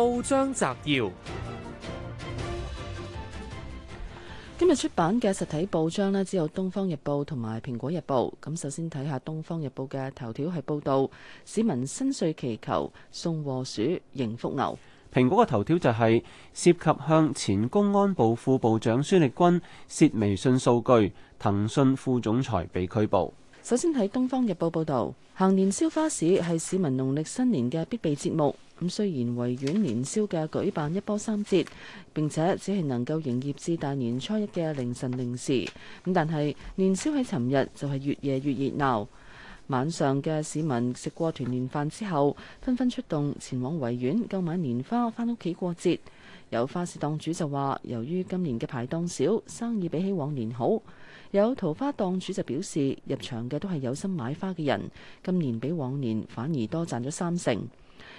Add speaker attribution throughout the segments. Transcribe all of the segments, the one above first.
Speaker 1: 報章摘要：今日出版嘅實體報章咧，只有《東方日報》同埋《蘋果日報》。咁首先睇下《東方日報》嘅
Speaker 2: 頭條係報道：市民新歲祈求送禍鼠迎福牛。《蘋果》嘅頭條就係、是、涉及向前公安部副部長孫力軍洩微信數據，騰訊副總裁被拘捕。
Speaker 1: 首先睇《東方日報》報道：行年宵花市係市民農曆新年嘅必備節目。咁雖然維園年宵嘅舉辦一波三折，並且只係能夠營業至大年初一嘅凌晨零時。咁但係年宵喺尋日就係越夜越熱鬧，晚上嘅市民食過團年飯之後，紛紛出動前往維園購買年花，翻屋企過節。有花市檔主就話，由於今年嘅排檔少，生意比起往年好。有桃花檔主就表示，入場嘅都係有心買花嘅人，今年比往年反而多賺咗三成。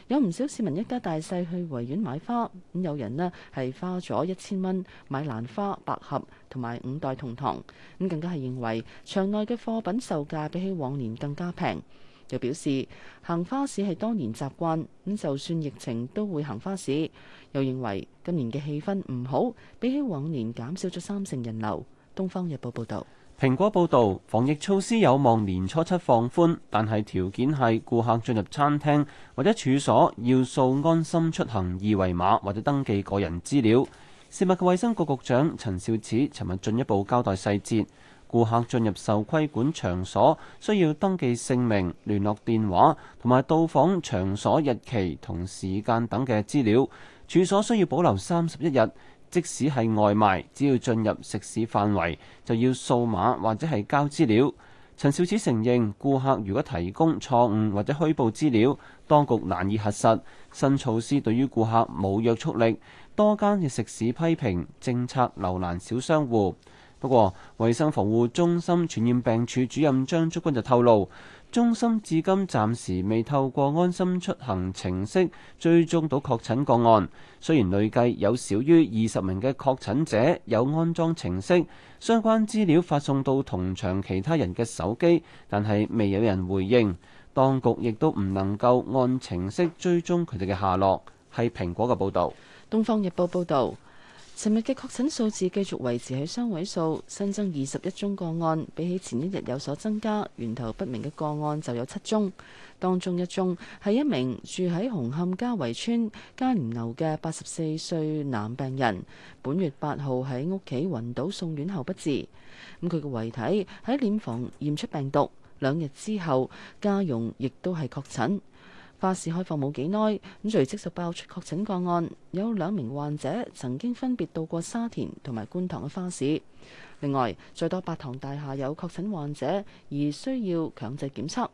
Speaker 1: 有唔少市民一家大細去維園買花，咁有人呢係花咗一千蚊買蘭花、百合同埋五代同堂。咁更加係認為場內嘅貨品售價比起往年更加平。又表示行花市係多年習慣，咁就算疫情都會行花市。又認為今年嘅氣氛唔好，比起往年減少咗三成人流。《東方日報》報道。
Speaker 2: 蘋果報道，防疫措施有望年初七放寬，但係條件係顧客進入餐廳或者處所要掃安心出行二維碼或者登記個人資料。食物及衛生局局長陳肇始尋日進一步交代細節，顧客進入受規管場所需要登記姓名、聯絡電話同埋到訪場所日期同時間等嘅資料，處所需要保留三十一日。即使係外賣，只要進入食肆範圍，就要掃碼或者係交資料。陳肇始承認，顧客如果提供錯誤或者虛報資料，當局難以核實。新措施對於顧客冇約束力。多間嘅食肆批評政策留難小商戶。不過，衞生防護中心傳染病處主任張竹君就透露。中心至今暫時未透過安心出行程式追蹤到確診個案。雖然累計有少於二十名嘅確診者有安裝程式，相關資料發送到同場其他人嘅手機，但係未有人回應。當局亦都唔能夠按程式追蹤佢哋嘅下落。係蘋果嘅報導，《
Speaker 1: 東方日報》報導。昨日嘅確診數字繼續維持喺三位數，新增二十一宗個案，比起前一日有所增加。源頭不明嘅個案就有七宗，當中一宗係一名住喺紅磡加圍村加連牛嘅八十四歲男病人，本月八號喺屋企暈倒送院後不治。咁佢嘅遺體喺殮房驗出病毒，兩日之後家用亦都係確診。花市開放冇幾耐，咁隨即就爆出確診個案，有兩名患者曾經分別到過沙田同埋觀塘嘅花市。另外，再多八塘大廈有確診患者而需要強制檢測，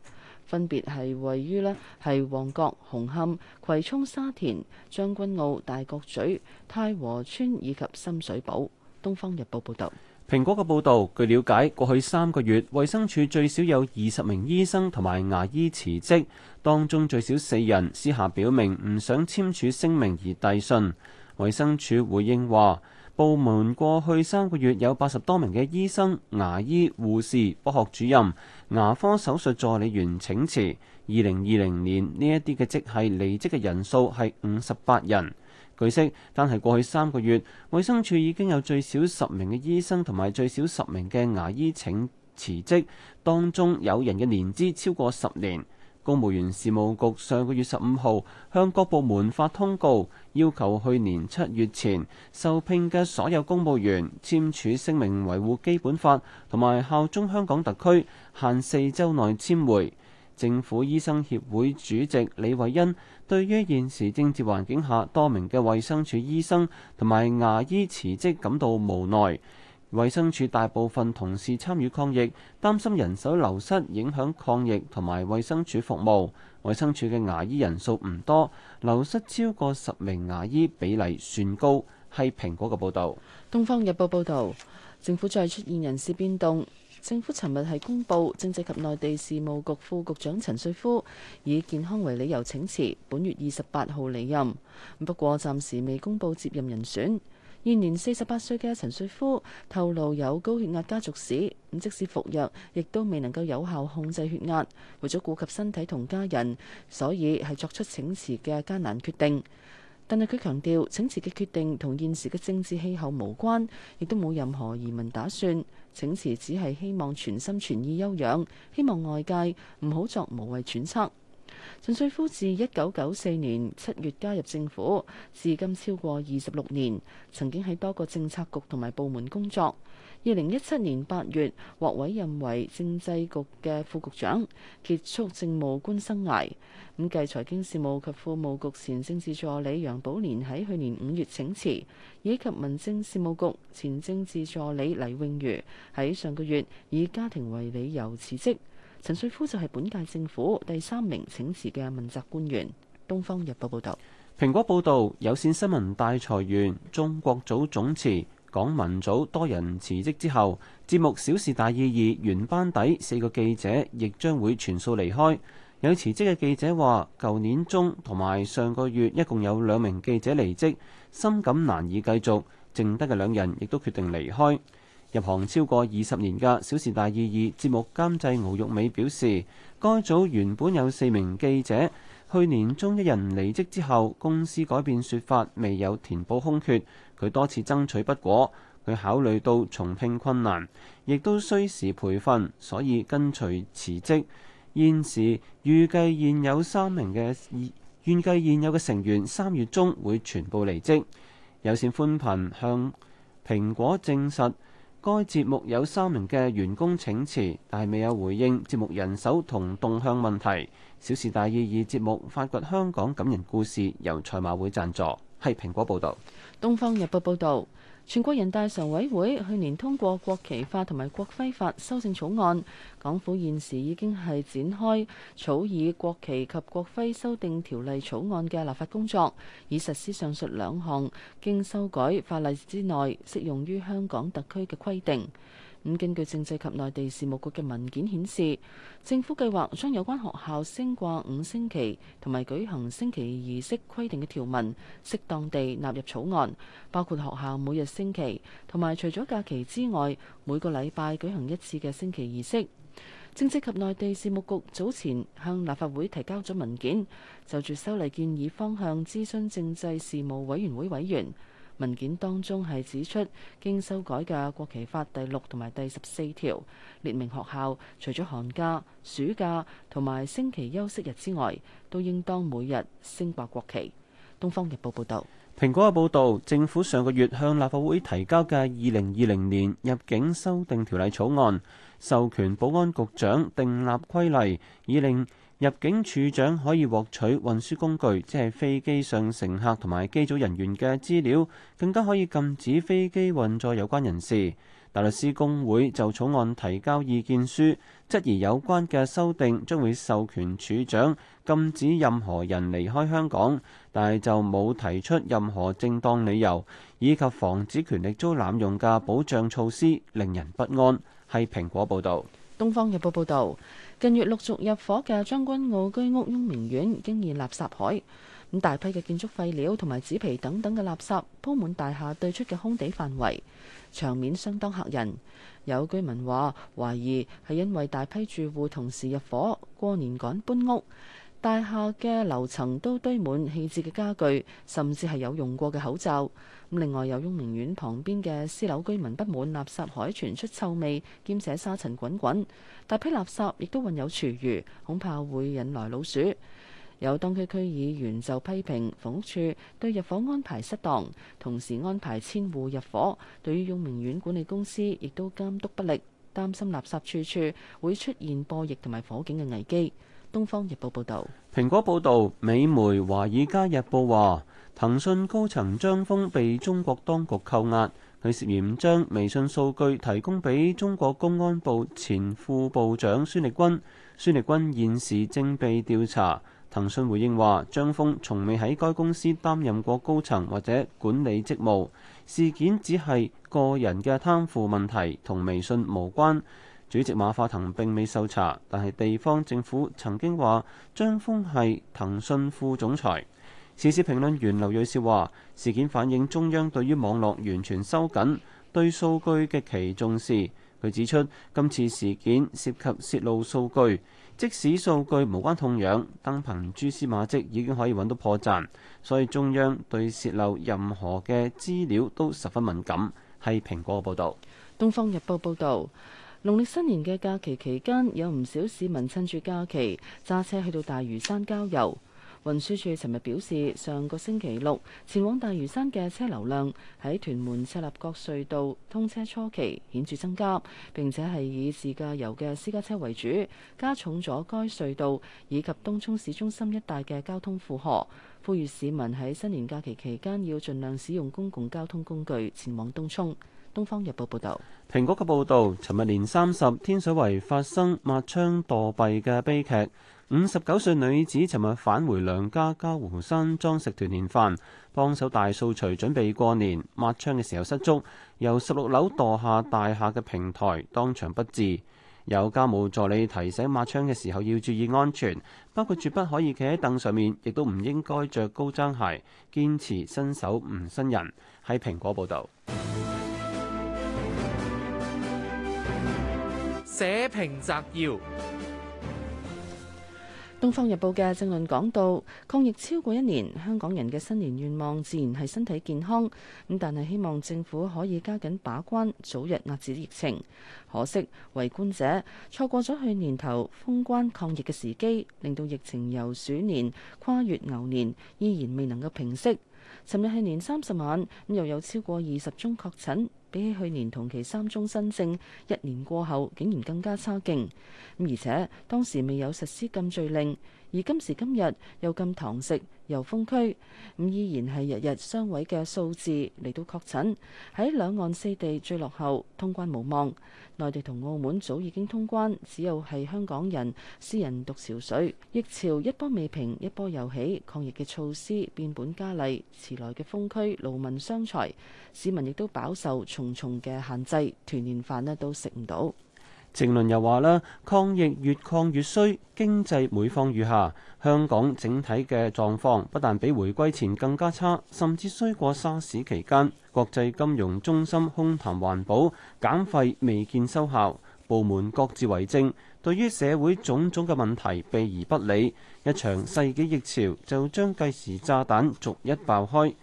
Speaker 1: 分別係位於呢，係旺角、紅磡、葵涌、沙田、將軍澳、大角咀、太和邨以及深水埗。《東方日報》報導，
Speaker 2: 蘋果嘅報導據了解，過去三個月，衛生署最少有二十名醫生同埋牙醫辭職。當中最少四人私下表明唔想簽署聲明而遞信。衞生署回應話，部門過去三個月有八十多名嘅醫生、牙醫、護士、科學主任、牙科手術助理員請辭。二零二零年呢一啲嘅即係離職嘅人數係五十八人。據悉，單係過去三個月，衞生署已經有最少十名嘅醫生同埋最少十名嘅牙醫請辭職，當中有人嘅年資超過十年。公務員事務局上個月十五號向各部門發通告，要求去年七月前受聘嘅所有公務員簽署聲明，維護基本法同埋效忠香港特區，限四周內簽回。政府醫生協會主席李慧恩對於現時政治環境下多名嘅衛生署醫生同埋牙醫辭職感到無奈。衛生署大部分同事參與抗疫，擔心人手流失影響抗疫同埋衛生署服務。衛生署嘅牙醫人數唔多，流失超過十名牙醫比例算高。係蘋果嘅報道。東方日報報道，政府再
Speaker 1: 出現人事變動。政府尋日係公布，政制及內地事務局副局長陳瑞夫以健康為理由請辭，本月二十八號離任。不過暫時未公布接任人選。現年四十八歲嘅陳瑞夫透露有高血壓家族史，咁即使服藥，亦都未能夠有效控制血壓。為咗顧及身體同家人，所以係作出請辭嘅艱難決定。但係佢強調，請辭嘅決定同現時嘅政治氣候無關，亦都冇任何移民打算。請辭只係希望全心全意休養，希望外界唔好作無謂揣測。陳瑞夫自一九九四年七月加入政府，至今超過二十六年，曾經喺多個政策局同埋部門工作。二零一七年八月獲委任為政制局嘅副局長，結束政務官生涯。咁繼財經事務及庫務局前政治助理楊寶蓮喺去年五月請辭，以及民政事務局前政治助理黎永如喺上個月以家庭為理由辭職。陳瑞夫就係本屆政府第三名請辭嘅問責官員。《東方日報》報導，
Speaker 2: 蘋果報導有線新聞大裁員，中國組總辭，港聞組多人辭職之後，節目《小事大意義》原班底四個記者亦將會全數離開。有辭職嘅記者話：舊年中同埋上個月一共有兩名記者離職，深感難以繼續，剩低嘅兩人亦都決定離開。入行超過二十年嘅《小時大意義》節目監製敖玉美表示，該組原本有四名記者，去年中一人離職之後，公司改變說法，未有填補空缺。佢多次爭取不果，佢考慮到重聘困難，亦都需時培訓，所以跟隨辭職。現時預計現有三名嘅預計現有嘅成員三月中會全部離職。有線寬頻向蘋果證實。該節目有三名嘅員工請辭，但係未有回應節目人手同動向問題。《小事大意義》節目發掘香港感人故事，由賽馬會贊助。係蘋果報道，
Speaker 1: 《東方日報》報道。全國人大常委會去年通過國旗法同埋國徽法修正草案，港府現時已經係展開草擬國旗及國徽修訂條例草案嘅立法工作，以實施上述兩項，經修改法例之內適用於香港特區嘅規定。咁根據政制及內地事務局嘅文件顯示，政府計劃將有關學校升掛五星旗同埋舉行升旗儀式規定嘅條文，適當地納入草案，包括學校每日升旗同埋除咗假期之外每個禮拜舉行一次嘅升旗儀式。政制及內地事務局早前向立法會提交咗文件，就住修例建議方向諮詢政制事務委員會委員。文件當中係指出，經修改嘅《國旗法》第六同埋第十四條，列明學校除咗寒假、暑假同埋星期休息日之外，都應當每日升掛國旗。《東方日報》報道，
Speaker 2: 蘋果嘅報道，政府上個月向立法會提交嘅《二零二零年入境修訂條例草案》，授權保安局長訂立規例，以令，入境處長可以獲取運輸工具，即係飛機上乘客同埋機組人員嘅資料，更加可以禁止飛機運載有關人士。大律師公會就草案提交意見書，質疑有關嘅修訂將會授權處長禁止任何人離開香港，但係就冇提出任何正當理由，以及防止權力遭濫用嘅保障措施令人不安。係蘋果報道。
Speaker 1: 《東方日報》報導，近月陸續入伙嘅將軍澳居屋雍明苑，經已垃圾海，咁大批嘅建築廢料同埋紙皮等等嘅垃圾，鋪滿大廈對出嘅空地範圍，場面相當嚇人。有居民話，懷疑係因為大批住戶同時入伙過年趕搬屋，大廈嘅樓層都堆滿棄置嘅家具，甚至係有用過嘅口罩。另外，有雍明苑旁邊嘅私樓居民不滿垃圾海傳出臭味，兼且沙塵滾滾，大批垃圾亦都混有廚餘，恐怕會引來老鼠。有當區區議員就批評房屋處對入伙安排失當，同時安排千戶入伙。對於雍明苑管理公司亦都監督不力，擔心垃圾處處會出現播疫同埋火警嘅危機。《東方日報》報道，
Speaker 2: 蘋果報道，美媒《華爾街日報》話。騰訊高層張峰被中國當局扣押，佢涉嫌將微信數據提供俾中國公安部前副部長孫力軍。孫力軍現時正被調查。騰訊回應話：張峰從未喺該公司擔任過高層或者管理職務，事件只係個人嘅貪腐問題同微信無關，主席馬化騰並未受查，但係地方政府曾經話張峰係騰訊副總裁。時事評論員劉瑞智話：事件反映中央對於網絡完全收緊，對數據極其重視。佢指出，今次事件涉及泄露數據，即使數據無關痛癢，但憑蛛絲馬跡已經可以揾到破綻，所以中央對泄露任何嘅資料都十分敏感。係蘋果嘅報導，《東方日報》
Speaker 1: 報道，農曆新年嘅假期期間，有唔少市民趁住假期揸車去到大嶼山郊遊。運輸署尋日表示，上個星期六前往大嶼山嘅車流量喺屯門赤鱲角隧道通車初期顯著增加，並且係以自駕遊嘅私家車為主，加重咗該隧道以及東涌市中心一帶嘅交通負荷。呼籲市民喺新年假期期間要盡量使用公共交通工具前往東涌。《東方日報》報導，
Speaker 2: 蘋果嘅報導，尋日年三十，天水圍發生抹窗墮斃嘅悲劇。五十九歲女子尋日返回娘家嘉湖山莊食團年飯，幫手大掃除，準備過年抹窗嘅時候失足，由十六樓墮下大廈嘅平台，當場不治。有家務助理提醒抹窗嘅時候要注意安全，包括絕不可以企喺凳上面，亦都唔應該着高踭鞋。堅持伸手唔伸身，喺蘋果報道。報章摘要，
Speaker 1: 《東方日報》嘅正論講到，抗疫超過一年，香港人嘅新年願望自然係身體健康。咁但係希望政府可以加緊把關，早日壓止疫情。可惜，為官者錯過咗去年頭封關抗疫嘅時機，令到疫情由鼠年跨越牛年，依然未能夠平息。尋日係年三十晚，咁又有超過二十宗確診。比起去年同期三宗新政，一年過後竟然更加差勁，咁而且當時未有實施禁聚令，而今時今日又禁堂食。由封區咁依然係日日雙位嘅數字，嚟到確診喺兩岸四地追落後，通關無望。內地同澳門早已經通關，只有係香港人私人渡潮水。疫潮一波未平一波又起，抗疫嘅措施變本加厲，遲來嘅封區勞民傷財，市民亦都飽受重重嘅限制，團年飯咧都
Speaker 2: 食唔到。政論又話啦，抗疫越抗越衰，經濟每況愈下，香港整體嘅狀況不但比回歸前更加差，甚至衰過沙士期間。國際金融中心空談環保減廢，未見收效，部門各自為政，對於社會種種嘅問題避而不理，一場世紀疫潮就將計時炸彈逐一爆開。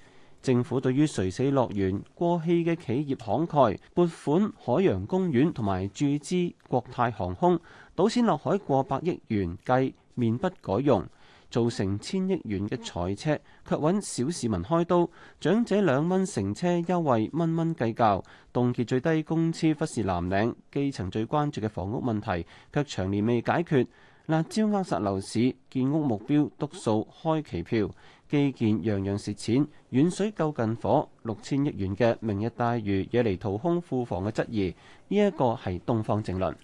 Speaker 2: 政府對於垂死樂園過氣嘅企業慷慨撥款，海洋公園同埋注資國泰航空，賭錢落海過百億元，計面不改容，造成千億元嘅財赤，卻揾小市民開刀；長者兩蚊乘車優惠蚊蚊計較，凍結最低工資，忽視藍領基層最關注嘅房屋問題，卻長年未解決；辣招扼殺樓市，建屋目標篤數開期票。基建樣樣蝕錢，遠水救近火，六千億元嘅明日大嶼惹嚟掏空庫房嘅質疑，呢、這、一個係東方正論。